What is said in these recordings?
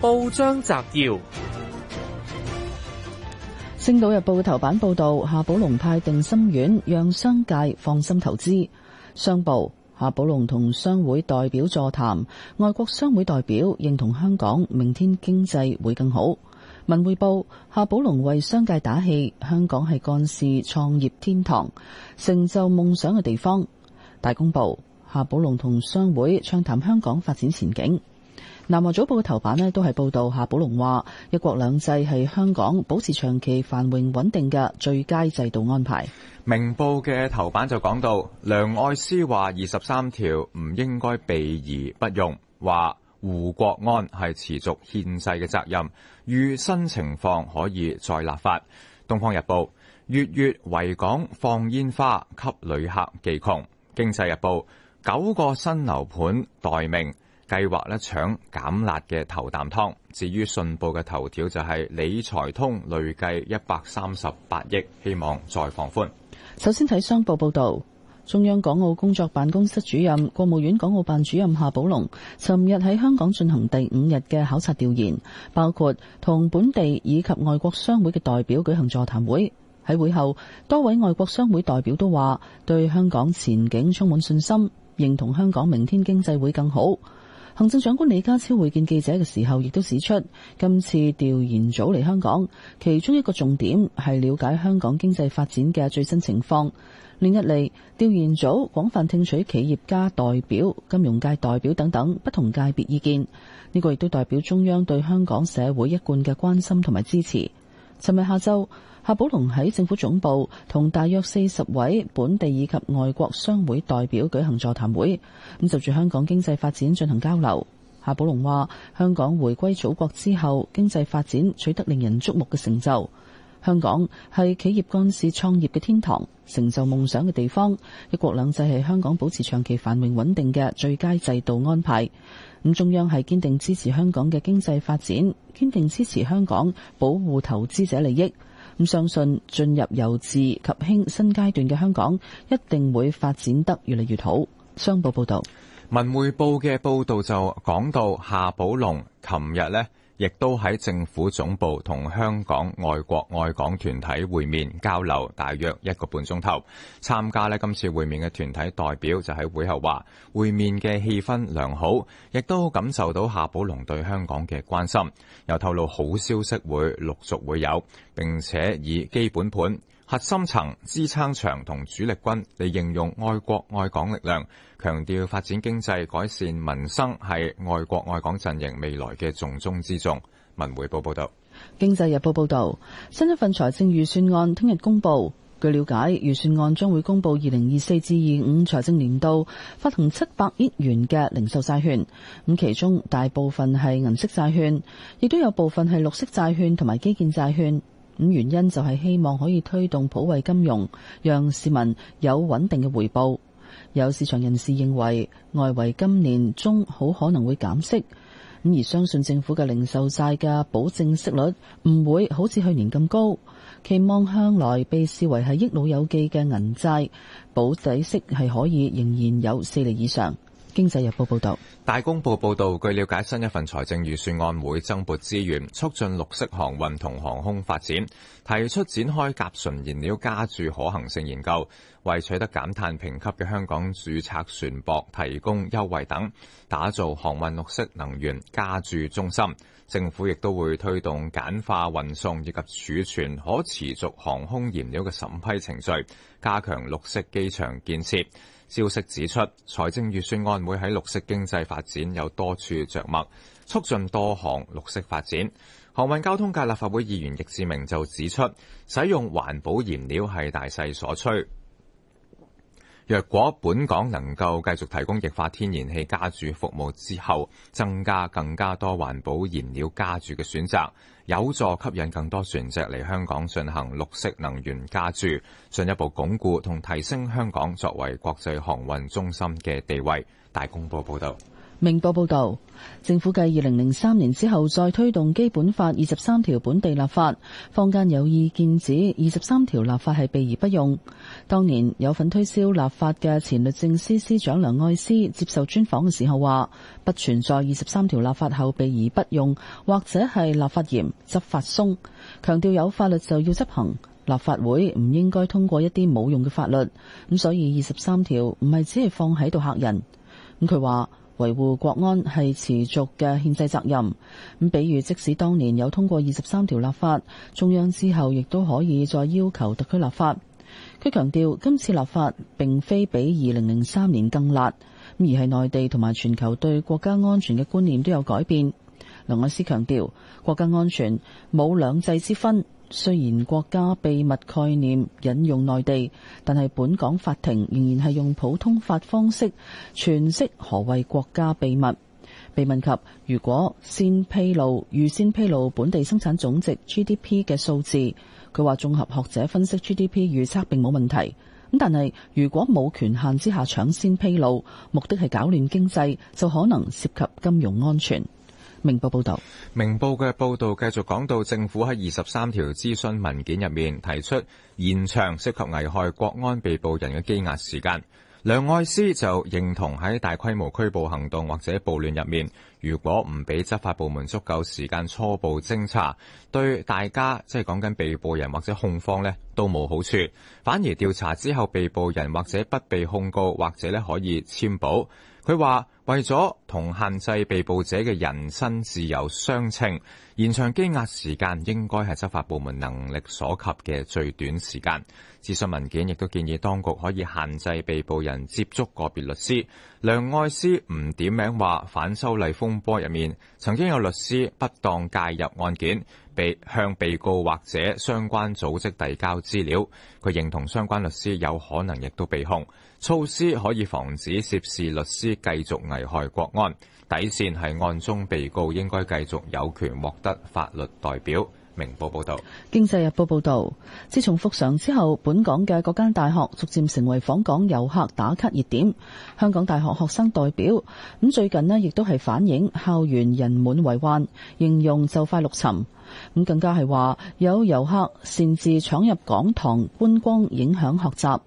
報章摘要：星島日報嘅頭版報道，夏寶龍派定心丸，讓商界放心投資。商報夏寶龍同商會代表座談，外國商會代表認同香港明天經濟會更好。文匯報夏寶龍為商界打氣，香港係幹事創業天堂，成就夢想嘅地方。大公報夏寶龍同商會暢談香港發展前景。南華早報嘅頭版咧都係報道，夏寶龍話一國兩制係香港保持長期繁榮穩定嘅最佳制度安排。明報嘅頭版就講到梁愛詩話二十三條唔應該避而不用，話護國安係持續憲制嘅責任，遇新情況可以再立法。東方日報，月月維港放煙花，給旅客寄窮。經濟日報，九個新樓盤待命。計劃咧搶減辣嘅頭啖湯。至於信報嘅頭條就係理財通累計一百三十八億，希望再放寬。首先睇商報報導，中央港澳工作辦公室主任、國務院港澳辦主任夏寶龍，尋日喺香港進行第五日嘅考察調研，包括同本地以及外國商會嘅代表舉行座談會。喺會後，多位外國商會代表都話對香港前景充滿信心，認同香港明天經濟會更好。行政長官李家超會見記者嘅時候，亦都指出，今次調研組嚟香港，其中一個重點係了解香港經濟發展嘅最新情況。另一嚟，調研組廣泛聽取企業家代表、金融界代表等等不同界別意見，呢個亦都代表中央對香港社會一貫嘅關心同埋支持。尋日下晝。夏寶龍喺政府總部同大約四十位本地以及外國商會代表舉行座談會，咁就住香港經濟發展進行交流。夏寶龍話：香港回歸祖國之後，經濟發展取得令人矚目嘅成就。香港係企業幹事創業嘅天堂，成就夢想嘅地方。一國兩制係香港保持長期繁榮穩定嘅最佳制度安排。咁中央係堅定支持香港嘅經濟發展，堅定支持香港保護投資者利益。咁相信進入由治及興新階段嘅香港，一定會發展得越嚟越好。商報報道，文匯報嘅報導就講到夏寶龍琴日呢。亦都喺政府總部同香港、外國、外港團體會面交流，大約一個半鐘頭。參加呢今次會面嘅團體代表就喺會後話，會面嘅氣氛良好，亦都感受到夏寶龍對香港嘅關心。又透露好消息會陸續會有，並且以基本盤。核心層、支撐場同主力軍嚟形容愛國愛港力量，強調發展經濟、改善民生係愛國愛港陣營未來嘅重中之重。文匯報報道，經濟日報報道，新一份財政預算案聽日公布。據了解，預算案將會公布二零二四至二五財政年度發行七百億元嘅零售債券，咁其中大部分係銀色債券，亦都有部分係綠色債券同埋基建債券。咁原因就係希望可以推動普惠金融，讓市民有穩定嘅回報。有市場人士認為，外圍今年中好可能會減息，咁而相信政府嘅零售債嘅保證息率唔會好似去年咁高。期望向來被視為係益老友記嘅銀債，保底息係可以仍然有四厘以上。經濟日報報道，大公報報道，據了解，新一份財政預算案會增撥資源，促進綠色航運同航空發展，提出展開甲醇燃料加注可行性研究，為取得減碳評級嘅香港註冊船舶提供優惠等，打造航運綠色能源加注中心。政府亦都會推動簡化運送以及儲存可持續航空燃料嘅審批程序，加強綠色機場建設。消息指出，財政預算案會喺綠色經濟發展有多處著墨，促進多項綠色發展。航運交通界立法會議員易志明就指出，使用環保燃料係大勢所趨。若果本港能夠繼續提供液化天然氣加注服務之後，增加更加多環保燃料加注嘅選擇，有助吸引更多船隻嚟香港進行綠色能源加注，進一步鞏固同提升香港作為國際航運中心嘅地位。大公報報道。明報報道，政府繼二零零三年之後再推動《基本法》二十三條本地立法，坊間有意見指二十三條立法係避而不用。當年有份推銷立法嘅前律政司司長梁愛詩接受專訪嘅時候話，不存在二十三條立法後避而不用或者係立法嚴執法鬆，強調有法律就要執行，立法會唔應該通過一啲冇用嘅法律。咁所以二十三條唔係只係放喺度嚇人。咁佢話。維護國安係持續嘅憲制責任。咁比如，即使當年有通過二十三條立法，中央之後亦都可以再要求特區立法。佢強調，今次立法並非比二零零三年更辣，而係內地同埋全球對國家安全嘅觀念都有改變。梁愛詩強調，國家安全冇兩制之分。雖然國家秘密概念引用內地，但係本港法庭仍然係用普通法方式詮釋何謂國家秘密。被問及如果先披露、預先披露本地生產總值 GDP 嘅數字，佢話綜合學者分析 GDP 預測並冇問題。咁但係如果冇權限之下搶先披露，目的係搞亂經濟，就可能涉及金融安全。明報報道，明報嘅報道繼續講到，政府喺二十三條諮詢文件入面提出延長涉及危害國安被捕人嘅羈押時間。梁愛詩就認同喺大規模拘捕行動或者暴亂入面，如果唔俾執法部門足夠時間初步偵查，對大家即係講緊被捕人或者控方呢都冇好處，反而調查之後被捕人或者不被控告或者呢可以簽保。佢話。為咗同限制被捕者嘅人身自由相稱延長羈押時間應該係執法部門能力所及嘅最短時間。諮詢文件亦都建議當局可以限制被捕人接觸個別律師。梁愛詩唔點名話反修例風波入面，曾經有律師不當介入案件，被向被告或者相關組織遞交資料。佢認同相關律師有可能亦都被控。措施可以防止涉事律師繼續危。危害國安底線，係案中被告應該繼續有權獲得法律代表。明報報道，經濟日報報道，自從復常之後，本港嘅各間大學逐漸成為訪港遊客打卡熱點。香港大學學生代表咁最近呢亦都係反映校園人滿為患，形容就快陸沉。咁更加係話有遊客擅自闖入講堂觀光，影響學習。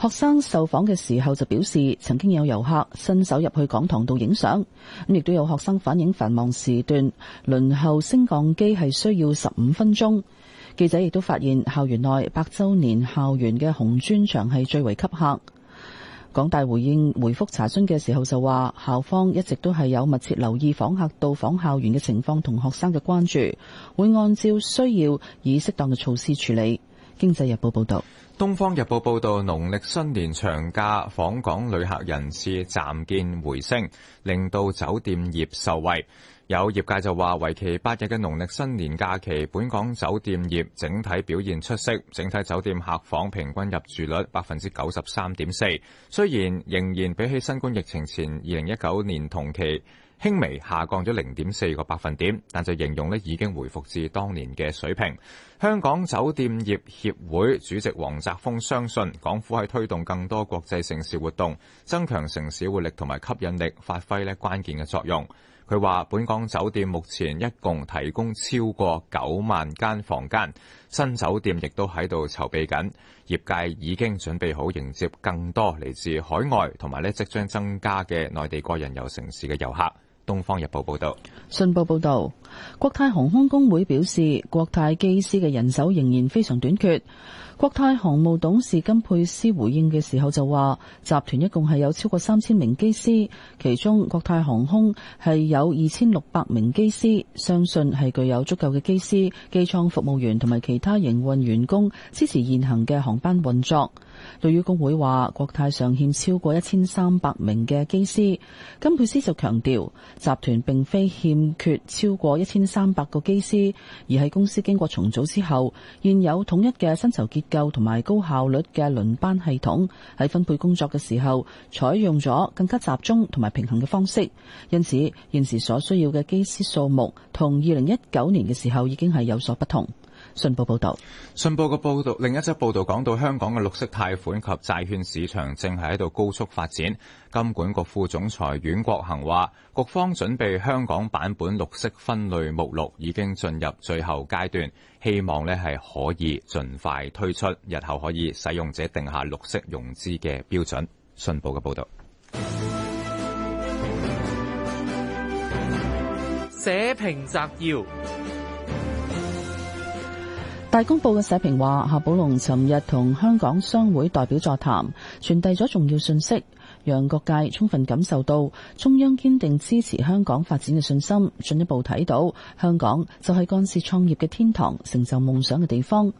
學生受訪嘅時候就表示，曾經有遊客伸手入去講堂度影相，咁亦都有學生反映繁忙時段輪候升降機係需要十五分鐘。記者亦都發現校園內百周年校園嘅紅磚牆係最為吸客。港大回應回復查詢嘅時候就話，校方一直都係有密切留意訪客到訪校園嘅情況同學生嘅關注，會按照需要以適當嘅措施處理。經濟日報報道。《東方日報》報道，農曆新年長假訪港旅客人次暫見回升，令到酒店業受惠。有業界就話，為期八日嘅農曆新年假期，本港酒店業整體表現出色，整體酒店客房平均入住率百分之九十三點四。雖然仍然比起新冠疫情前二零一九年同期輕微下降咗零點四個百分點，但就形容呢已經回復至當年嘅水平。香港酒店業協會主席王澤峰相信，港府喺推動更多國際城市活動，增強城市活力同埋吸引力，發揮呢關鍵嘅作用。佢話：說本港酒店目前一共提供超過九萬間房間，新酒店亦都喺度籌備緊。業界已經準備好迎接更多嚟自海外同埋咧，即將增加嘅內地個人遊城市嘅遊客。《東方日報報》報道：「信報報道，國泰航空工會表示，國泰機師嘅人手仍然非常短缺。國泰航務董事金佩斯回應嘅時候就話，集團一共係有超過三千名機師，其中國泰航空係有二千六百名機師，相信係具有足夠嘅機師、機艙服務員同埋其他營運員工支持現行嘅航班運作。對於工會話國泰尚欠超過一千三百名嘅機師，金佩斯就強調，集團並非欠缺超過一千三百個機師，而係公司經過重組之後，現有統一嘅薪酬結構。夠同埋高效率嘅輪班系統，喺分配工作嘅時候，採用咗更加集中同埋平衡嘅方式，因此現時所需要嘅機師數目，同二零一九年嘅時候已經係有所不同。信報報道，信報嘅報道，另一則報道講到香港嘅綠色貸款及債券市場正係喺度高速發展。金管局副總裁阮國恒話，局方準備香港版本綠色分類目錄已經進入最後階段，希望呢係可以儘快推出，日後可以使用者定下綠色融資嘅標準。信報嘅報道，社評摘要。大公報嘅社評話：夏寶龍尋日同香港商會代表座談，傳遞咗重要信息，讓各界充分感受到中央堅定支持香港發展嘅信心。進一步睇到香港就係幹事創業嘅天堂，成就夢想嘅地方。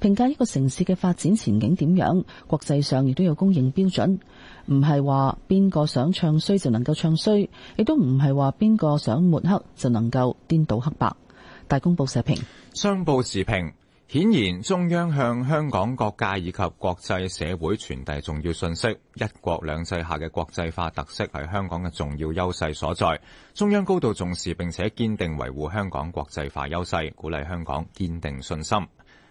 評價一個城市嘅發展前景點樣，國際上亦都有公認標準，唔係話邊個想唱衰就能夠唱衰，亦都唔係話邊個想抹黑就能夠顛倒黑白。大公報社評，商報時評。顯然，中央向香港各界以及國際社會傳遞重要信息：一國兩制下嘅國際化特色係香港嘅重要優勢所在。中央高度重視，並且堅定維護香港國際化優勢，鼓勵香港堅定信心。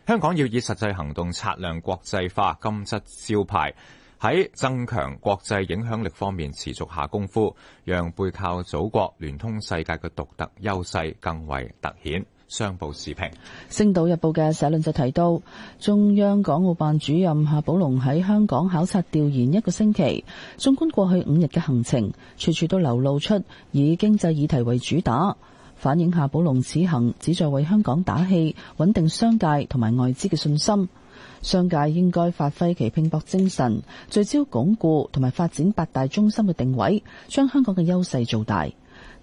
香港要以實際行動擦亮國際化金質招牌，喺增強國際影響力方面持續下功夫，讓背靠祖國、聯通世界嘅獨特優勢更為凸顯。商報視評，《星島日報》嘅社論就提到，中央港澳辦主任夏寶龍喺香港考察調研一個星期，縱觀過去五日嘅行程，處處都流露出以經濟議題為主打，反映夏寶龍此行旨在為香港打氣，穩定商界同埋外資嘅信心。商界應該發揮其拼搏精神，聚焦鞏固同埋發展八大中心嘅定位，將香港嘅優勢做大。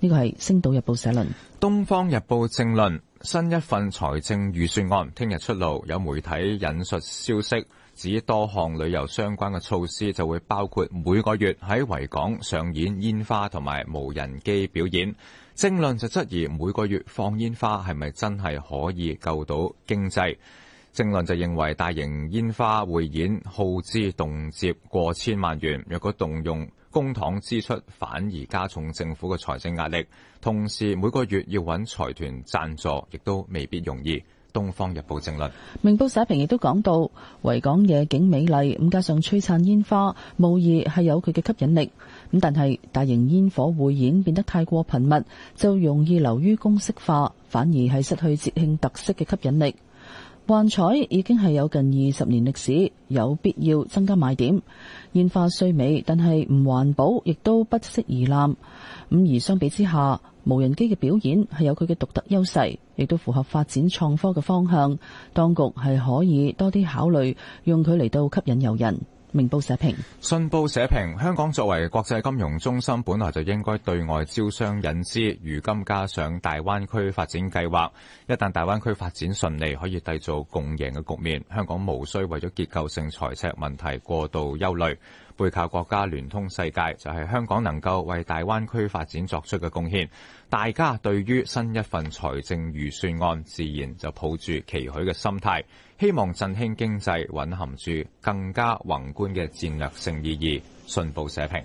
呢個係《星島日報》社論，《東方日報》正論。新一份財政預算案聽日出爐，有媒體引述消息指多項旅遊相關嘅措施就會包括每個月喺維港上演煙花同埋無人機表演。政論就質疑每個月放煙花係咪真係可以救到經濟？政論就認為大型煙花匯演耗資動輒過千萬元，若果動用公帑支出反而加重政府嘅財政壓力，同時每個月要揾財團贊助，亦都未必容易。東方日報政論、明報社評亦都講到，維港夜景美麗，咁加上璀璨煙花，無疑係有佢嘅吸引力。咁但係大型煙火匯演變得太過頻密，就容易流於公式化，反而係失去節慶特色嘅吸引力。幻彩已經係有近二十年歷史，有必要增加賣點。煙花雖美，但係唔環保，亦都不適宜濫。咁而相比之下，無人機嘅表演係有佢嘅獨特優勢，亦都符合發展創科嘅方向。當局係可以多啲考慮用佢嚟到吸引遊人。明報社評，信報社評，香港作為國際金融中心，本來就應該對外招商引資，如今加上大灣區發展計劃，一旦大灣區發展順利，可以締造共贏嘅局面，香港無需為咗結構性財赤問題過度憂慮。背靠國家聯通世界，就係、是、香港能夠為大灣區發展作出嘅貢獻。大家對於新一份財政預算案，自然就抱住期許嘅心態，希望振興經濟，蘊含住更加宏觀嘅戰略性意義，信報社評。